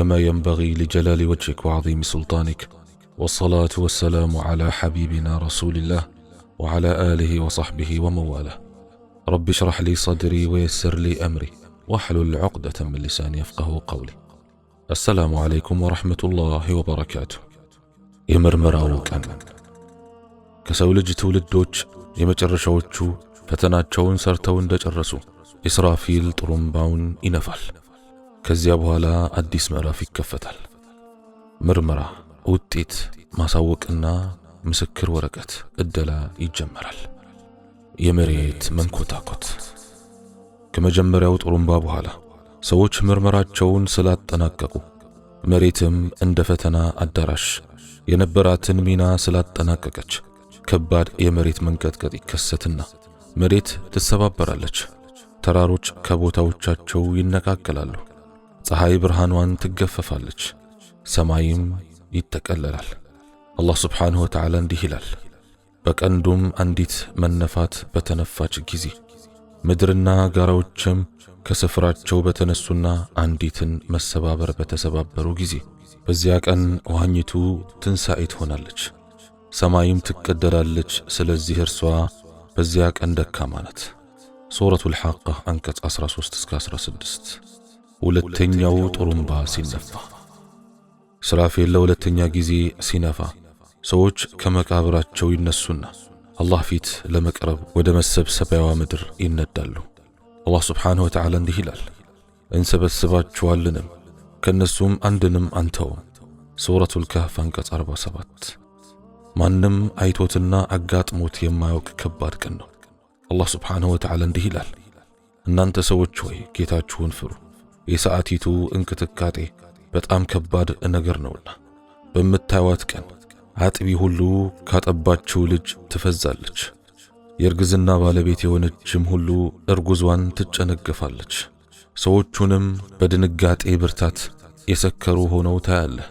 كما ينبغي لجلال وجهك وعظيم سلطانك والصلاة والسلام على حبيبنا رسول الله وعلى آله وصحبه ومواله رب اشرح لي صدري ويسر لي أمري واحلل عقدة من لساني يفقه قولي السلام عليكم ورحمة الله وبركاته የምርመራውቀን ከሰው ልጅ فتنات شون سرتون ሰርተው እንደጨረሱ إسرافيل ጥሩምባውን إنفال ከዚያ በኋላ አዲስ ምዕራፍ ይከፈታል። ምርመራ፣ ውጤት ማሳወቅና ምስክር ወረቀት እደላ ይጀመራል። የመሬት መንኮታኮት ከመጀመሪያው ጥሩምባ በኋላ ሰዎች ምርመራቸውን ስላጠናቀቁ መሬትም እንደ ፈተና አዳራሽ የነበራትን ሚና ስላጠናቀቀች ከባድ የመሬት መንቀጥቀጥ ይከሰትና መሬት ትሰባበራለች። ተራሮች ከቦታዎቻቸው ይነቃቀላሉ። ፀሐይ ብርሃኗን ትገፈፋለች፣ ሰማይም ይጠቀለላል። አላህ ስብሓንሁ ወተዓላ እንዲህ ይላል፣ በቀንዱም አንዲት መነፋት በተነፋች ጊዜ ምድርና ጋራዎችም ከስፍራቸው በተነሱና አንዲትን መሰባበር በተሰባበሩ ጊዜ በዚያ ቀን ውሃኝቱ ትንሣኤ ትሆናለች፣ ሰማይም ትቀደላለች። ስለዚህ እርሷ በዚያ ቀን ደካማ ናት። ሱረቱል ሓቃ አንቀጽ 13 እስከ 16 ሁለተኛው ጥሩምባ ሲነፋ ስራፌል ለሁለተኛ ጊዜ ሲነፋ ሰዎች ከመቃብራቸው ይነሱና አላህ ፊት ለመቅረብ ወደ መሰብሰቢያዋ ምድር ይነዳሉ። አላህ ስብሓንሁ ወተዓላ እንዲህ ይላል፣ እንሰበስባችኋልንም ከእነሱም አንድንም አንተውም። ሱረቱል ካህፍ አንቀጽ 47 ማንም አይቶትና አጋጥሞት የማያውቅ ከባድ ቀን ነው። አላህ ስብሓንሁ ወተዓላ እንዲህ ይላል፣ እናንተ ሰዎች ሆይ ጌታችሁን ፍሩ የሰዓቲቱ እንቅጥቃጤ በጣም ከባድ ነገር ነውና በምታዩት ቀን አጥቢ ሁሉ ካጠባችው ልጅ ትፈዛለች። የእርግዝና ባለቤት የሆነችም ሁሉ እርጉዟን ትጨነገፋለች። ሰዎቹንም በድንጋጤ ብርታት የሰከሩ ሆነው ታያለህ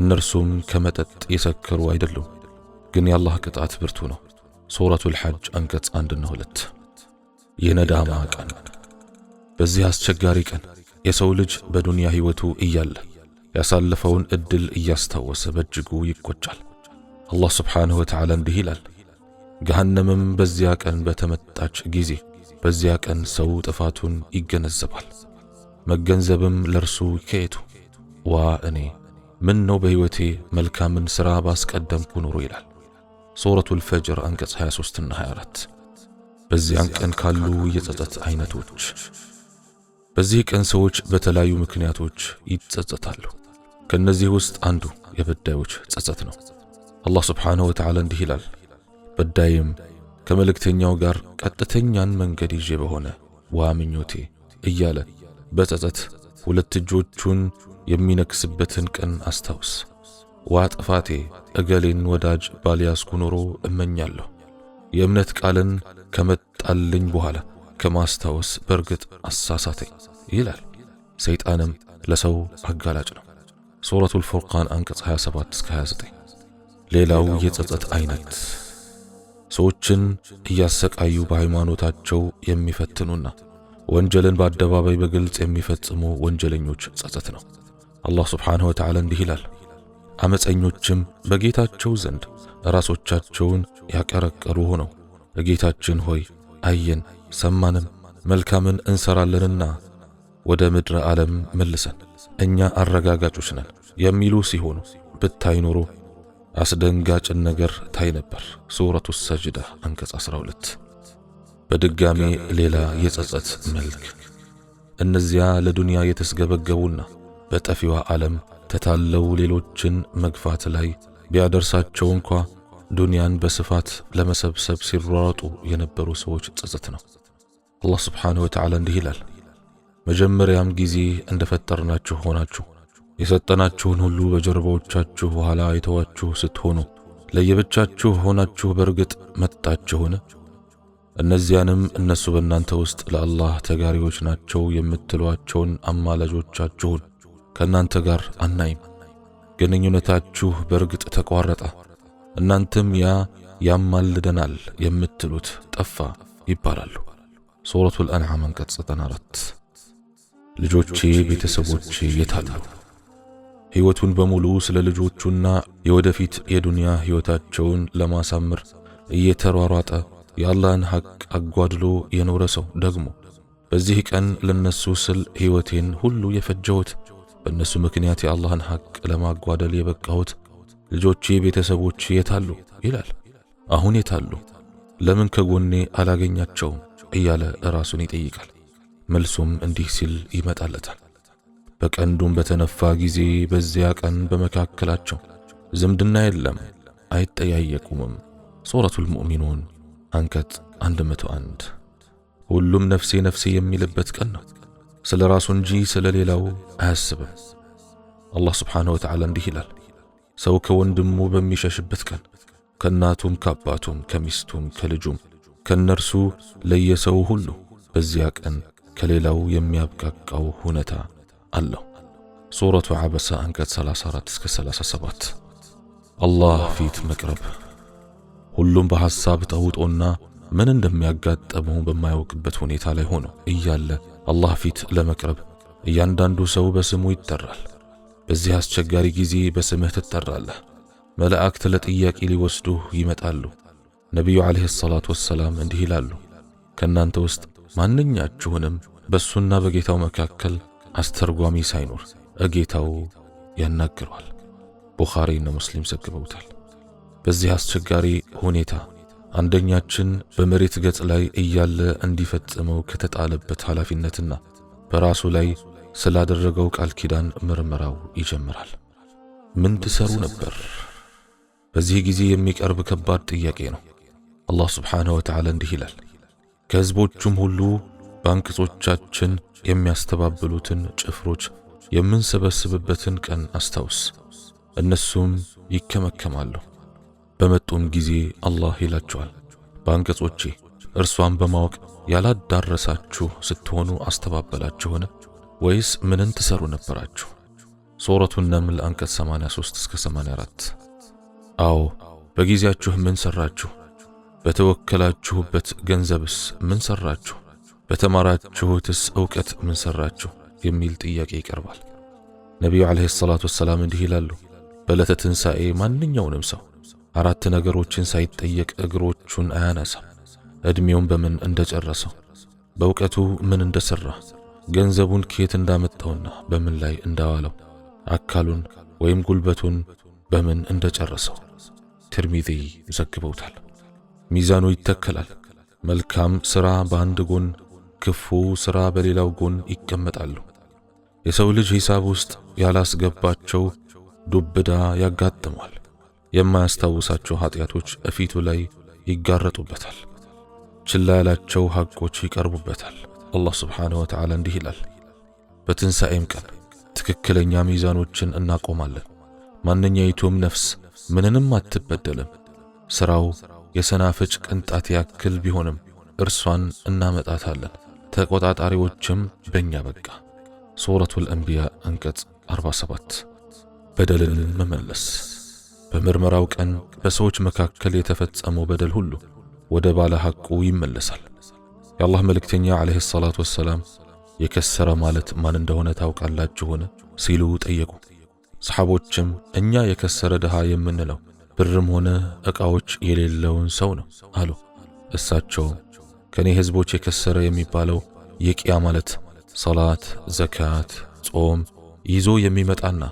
እነርሱም ከመጠጥ የሰከሩ አይደሉም፣ ግን የአላህ ቅጣት ብርቱ ነው። ሱረቱል ሐጅ አንቀጽ አንድና ሁለት የነዳማ ቀን በዚህ አስቸጋሪ ቀን የሰው ልጅ በዱንያ ሕይወቱ እያለ ያሳለፈውን ዕድል እያስታወሰ በእጅጉ ይቆጫል። አላህ ስብሓንሁ ወተዓላ እንዲህ ይላል፣ ገሃነምም በዚያ ቀን በተመጣች ጊዜ በዚያ ቀን ሰው ጥፋቱን ይገነዘባል። መገንዘብም ለርሱ ከየቱ ዋ እኔ ምን ነው በሕይወቴ መልካምን ሥራ ባስቀደምኩ ኑሮ ይላል። ሱረቱል ፈጅር አንቀጽ 23 እና 24። በዚያን ቀን ካሉ የጸጸት ዐይነቶች በዚህ ቀን ሰዎች በተለያዩ ምክንያቶች ይጸጸታሉ። ከእነዚህ ውስጥ አንዱ የበዳዮች ጸጸት ነው። አላህ ስብሓንሁ ወተዓላ እንዲህ ይላል፣ በዳይም ከመልእክተኛው ጋር ቀጥተኛን መንገድ ይዤ በሆነ ዋምኞቴ እያለ በጸጸት ሁለት እጆቹን የሚነክስበትን ቀን አስታውስ። ውሃ ጥፋቴ እገሌን ወዳጅ ባልያዝኩ ኖሮ እመኛለሁ የእምነት ቃልን ከመጣልኝ በኋላ ከማስታወስ በእርግጥ አሳሳተኝ ይላል። ሰይጣንም ለሰው አጋላጭ ነው። ሱረቱል ፉርቃን አንቀጽ 27 እስከ 29። ሌላው የጸጸት አይነት ሰዎችን እያሰቃዩ በሃይማኖታቸው የሚፈትኑና ወንጀልን በአደባባይ በግልጽ የሚፈጽሙ ወንጀለኞች ጸጸት ነው። አላህ ስብሓንሁ ወተዓላ እንዲህ ይላል፣ አመፀኞችም በጌታቸው ዘንድ ራሶቻቸውን ያቀረቀሩ ሆነው ጌታችን ሆይ አየን ሰማንም መልካምን እንሰራለንና ወደ ምድረ ዓለም መልሰን እኛ አረጋጋጮች ነን የሚሉ ሲሆኑ ብታይ ኖሮ አስደንጋጭን ነገር ታይ ነበር። ሱረቱ ሰጅዳ አንቀጽ 12። በድጋሜ ሌላ የጸጸት መልክ እነዚያ ለዱንያ የተስገበገቡና በጠፊዋ ዓለም ተታለው ሌሎችን መግፋት ላይ ቢያደርሳቸው እንኳ ዱንያን በስፋት ለመሰብሰብ ሲሯጡ የነበሩ ሰዎች ጸጸት ነው። አላህ ስብሓንሁ ወተዓላ እንዲህ ይላል፣ መጀመሪያም ጊዜ እንደ ፈጠርናችሁ ሆናችሁ የሰጠናችሁን ሁሉ በጀርባዎቻችሁ ኋላ የተዋችሁ ስትሆኑ ለየብቻችሁ ሆናችሁ በእርግጥ መጣችሁን? እነዚያንም እነሱ በእናንተ ውስጥ ለአላህ ተጋሪዎች ናቸው የምትሏቸውን አማላጆቻችሁን ከእናንተ ጋር አናይም። ግንኙነታችሁ በእርግጥ ተቋረጠ። እናንተም ያ ያማልደናል የምትሉት ጠፋ ይባላሉ። ሱረቱል አንዓም አንቀጽ 94። ልጆቼ ቤተሰቦቼ የታሉ? ሕይወቱን በሙሉ ስለ ልጆቹና የወደፊት የዱንያ ሕይወታቸውን ለማሳመር እየተሯሯጠ የአላህን ሐቅ አጓድሎ የኖረ ሰው ደግሞ በዚህ ቀን ለነሱ ስል ሕይወቴን ሁሉ የፈጀሁት በእነሱ ምክንያት የአላህን ሐቅ ለማጓደል የበቃሁት ልጆቼ፣ ቤተሰቦች የታሉ ይላል። አሁን የታሉ? ለምን ከጎኔ አላገኛቸውም? እያለ ራሱን ይጠይቃል። መልሱም እንዲህ ሲል ይመጣለታል። በቀንዱም በተነፋ ጊዜ በዚያ ቀን በመካከላቸው ዝምድና የለም፣ አይጠያየቁምም። ሱረቱል ሙእሚኑን አንቀጽ 101 ሁሉም ነፍሴ ነፍሴ የሚልበት ቀን ነው። ስለ ራሱ እንጂ ስለ ሌላው አያስብም። አላህ ስብሓንሁ ወተዓላ እንዲህ ይላል ሰው ከወንድሙ በሚሸሽበት ቀን ከእናቱም ከአባቱም ከሚስቱም ከልጁም ከእነርሱ ለየሰው ሁሉ በዚያ ቀን ከሌላው የሚያብቃቃው ሁነታ አለው። ሱረቱ ዐበሰ አንቀጽ 34 እስከ 37። አላህ ፊት መቅረብ ሁሉም በሐሳብ ተውጦና ምን እንደሚያጋጠመው በማያውቅበት ሁኔታ ላይ ሆኖ እያለ አላህ ፊት ለመቅረብ እያንዳንዱ ሰው በስሙ ይጠራል። በዚህ አስቸጋሪ ጊዜ በስምህ ትጠራለህ። መላእክት ለጥያቄ ሊወስዱህ ይመጣሉ። ነቢዩ ዓለይሂ ሰላቱ ወሰላም እንዲህ ይላሉ፣ ከእናንተ ውስጥ ማንኛችሁንም በእሱና በጌታው መካከል አስተርጓሚ ሳይኖር እጌታው ያናግረዋል። ቡኻሪና ሙስሊም ዘግበውታል። በዚህ አስቸጋሪ ሁኔታ አንደኛችን በመሬት ገጽ ላይ እያለ እንዲፈጽመው ከተጣለበት ኃላፊነትና በራሱ ላይ ስላደረገው ቃል ኪዳን ምርመራው ይጀምራል። ምን ትሰሩ ነበር? በዚህ ጊዜ የሚቀርብ ከባድ ጥያቄ ነው። አላህ ስብሓንሁ ወተዓላ እንዲህ ይላል፣ ከሕዝቦቹም ሁሉ በአንቅጾቻችን የሚያስተባብሉትን ጭፍሮች የምንሰበስብበትን ቀን አስታውስ። እነሱም ይከመከማሉ። በመጡም ጊዜ አላህ ይላቸዋል፣ በአንቀጾቼ እርሷን በማወቅ ያላዳረሳችሁ ስትሆኑ አስተባበላችሁን? ወይስ ምንን ትሰሩ ነበራችሁ? ሱረቱ ነምል አንቀጽ 83 እስከ 84። አዎ በጊዜያችሁ ምን ሰራችሁ? በተወከላችሁበት ገንዘብስ ምን ሰራችሁ? በተማራችሁትስ እውቀት ምን ሰራችሁ? የሚል ጥያቄ ይቀርባል። ነቢዩ ዓለይሂ ሰላቱ ወሰላም እንዲህ ይላሉ፣ በዕለተ ትንሣኤ ማንኛውንም ሰው አራት ነገሮችን ሳይጠየቅ እግሮቹን አያነሳም። ዕድሜውን በምን እንደጨረሰው፣ በእውቀቱ ምን እንደሠራ ገንዘቡን ከየት እንዳመጣውና በምን ላይ እንዳዋለው አካሉን ወይም ጉልበቱን በምን እንደጨረሰው ትርሚዚ ዘግበውታል። ሚዛኑ ይተከላል። መልካም ስራ በአንድ ጎን፣ ክፉ ስራ በሌላው ጎን ይቀመጣሉ። የሰው ልጅ ሂሳብ ውስጥ ያላስገባቸው ዱብዳ ያጋጥሟል። የማያስታውሳቸው ኃጢአቶች እፊቱ ላይ ይጋረጡበታል። ችላ ያላቸው ሐቆች ይቀርቡበታል። አላህ ስብሓንሁ ወተዓላ እንዲህ ይላል፣ በትንሣኤም ቀን ትክክለኛ ሚዛኖችን እናቆማለን። ማንኛይቱም ነፍስ ምንንም አትበደልም። ሥራው የሰናፍጭ ቅንጣት ያክል ቢሆንም እርሷን እናመጣታለን። ተቆጣጣሪዎችም በእኛ በቃ። ሱረቱል አንቢያ አንቀጽ 47። በደልን መመለስ በምርመራው ቀን በሰዎች መካከል የተፈጸመው በደል ሁሉ ወደ ባለ ሐቁ ይመለሳል። የአላህ መልእክተኛ ዓለይሂ ሰላቱ ወሰላም የከሰረ ማለት ማን እንደሆነ ታውቃላችሁን? ሲሉ ጠየቁ። ሰሓቦችም እኛ የከሰረ ድሃ የምንለው ብርም ሆነ ዕቃዎች የሌለውን ሰው ነው አሉ። እሳቸውም ከእኔ ሕዝቦች የከሰረ የሚባለው የቅያ ማለት ሰላት፣ ዘካት፣ ጾም ይዞ የሚመጣና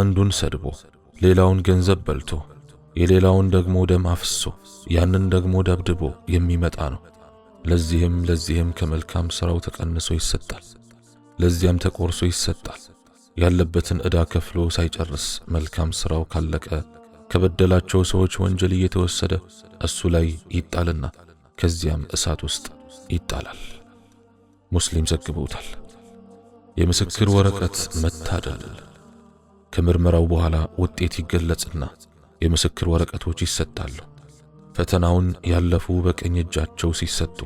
አንዱን ሰድቦ ሌላውን ገንዘብ በልቶ የሌላውን ደግሞ ደም አፍሶ ያንን ደግሞ ደብድቦ የሚመጣ ነው። ለዚህም ለዚህም ከመልካም ሥራው ተቀንሶ ይሰጣል፣ ለዚያም ተቆርሶ ይሰጣል። ያለበትን ዕዳ ከፍሎ ሳይጨርስ መልካም ሥራው ካለቀ ከበደላቸው ሰዎች ወንጀል እየተወሰደ እሱ ላይ ይጣልና ከዚያም እሳት ውስጥ ይጣላል። ሙስሊም ዘግበውታል። የምስክር ወረቀት መታደል። ከምርመራው በኋላ ውጤት ይገለጽና የምስክር ወረቀቶች ይሰጣሉ። ፈተናውን ያለፉ በቀኝ እጃቸው ሲሰጡ፣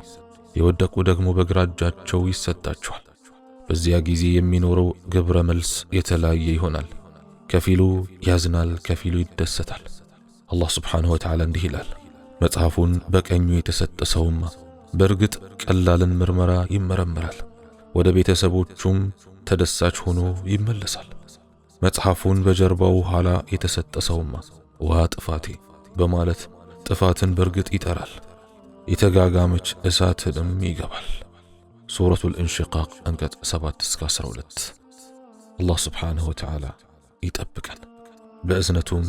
የወደቁ ደግሞ በግራ እጃቸው ይሰጣቸዋል። በዚያ ጊዜ የሚኖረው ግብረ መልስ የተለያየ ይሆናል። ከፊሉ ያዝናል፣ ከፊሉ ይደሰታል። አላህ ስብሓንሁ ወተዓላ እንዲህ ይላል፣ መጽሐፉን በቀኙ የተሰጠ ሰውማ በእርግጥ ቀላልን ምርመራ ይመረመራል፣ ወደ ቤተሰቦቹም ተደሳች ሆኖ ይመለሳል። መጽሐፉን በጀርባው ኋላ የተሰጠ ሰውማ ውሃ ጥፋቴ በማለት تفاتن ጥፋትን በእርግጥ ይጠራል፣ የተጋጋመች እሳትንም ይገባል። ሱረቱል እንሽቃቅ አንቀጽ 7 እስከ 12። አላህ ስብሓንሁ ወተዓላ ይጠብቀን፣ በእዝነቱም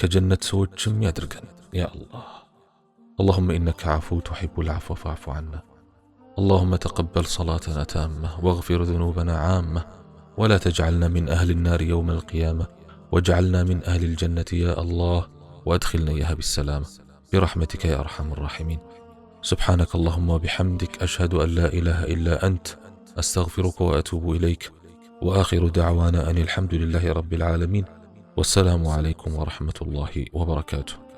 ከጀነት ሰዎችም ያድርገን። يا الله اللهم إنك عفو تحب العفو فاعف عنا اللهم تقبل صلاتنا تامة واغفر ذنوبنا عامة ولا تجعلنا من أهل النار يوم القيامة واجعلنا من أهل الجنة يا الله وأدخلنا إياها بالسلامة برحمتك يا أرحم الراحمين سبحانك اللهم وبحمدك أشهد أن لا إله إلا أنت أستغفرك وأتوب إليك وآخر دعوانا أن الحمد لله رب العالمين والسلام عليكم ورحمة الله وبركاته